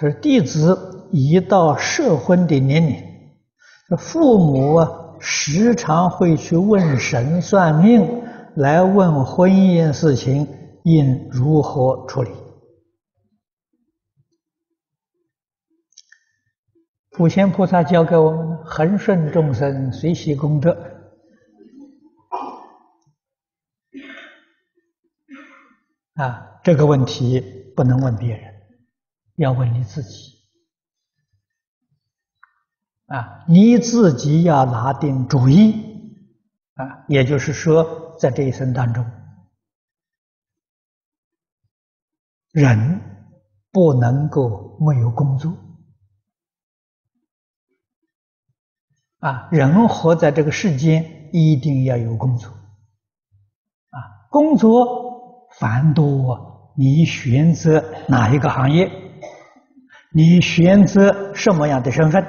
他說：“弟子已到適婚的年齡，說父母時常會去問神算命，來問婚姻事情應如何處理。”普賢菩薩教給我們：恆順眾生，隨喜功德。啊，這個問題不能問別人。要問你自己啊，你自己要拿定主意啊，也就是說，在這一生當中，人不能夠沒有工作啊，人活在這個世間一定要有工作啊，工作繁多，你選擇哪一個行業？你選擇什麼樣的身份？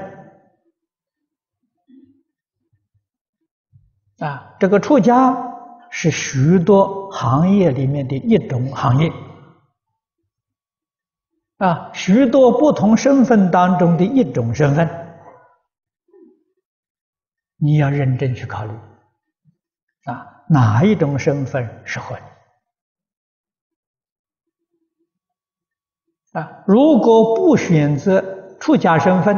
啊，這個出家是許多行業裡面的一種行業，啊，許多不同身份當中的一種身份，你要認真去考慮，啊，哪一種身份適合你？啊，如果不選擇出家身份，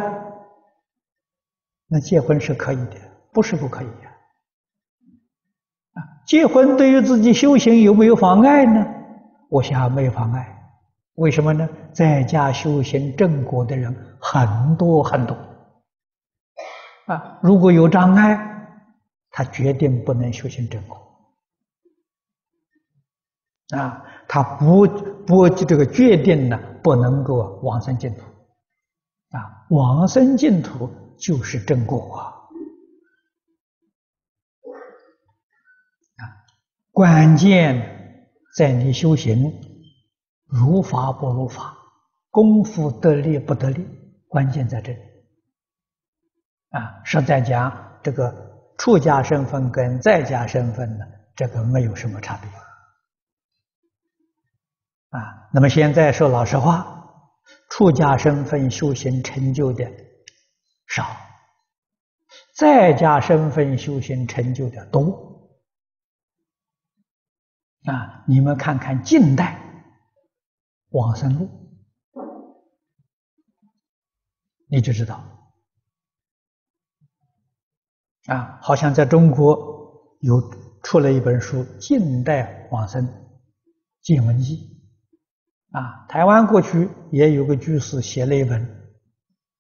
那結婚是可以的，不是不可以的。啊，結婚對於自己修行有沒有妨礙呢？我想沒有妨礙。為什麼呢？在家修行正果的人很多很多。啊，如果有障礙，他決定不能修行正果。啊，他不不這個決定呢？不能夠往生淨土啊！往生淨土就是正果啊！關鍵在你修行如法不如法，功夫得力不得力，關鍵在這裡啊！實在講這個出家身份跟在家身份呢，這個沒有什麼差別。啊，那麼現在說老實話，出家身份修行成就的少，在家身份修行成就的多。啊，你們看看近代往生錄，你就知道。啊，好像在中國有出了一本書《近代往生見聞記》。啊，台灣過去也有個居士寫了一本，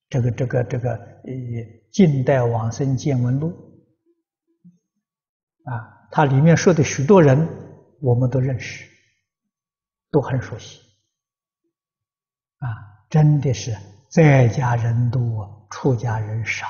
這個這個這個，呃、這個，近代往生見聞錄。啊，它裡面說的許多人，我們都認識，都很熟悉。啊，真的是在家人多，出家人少。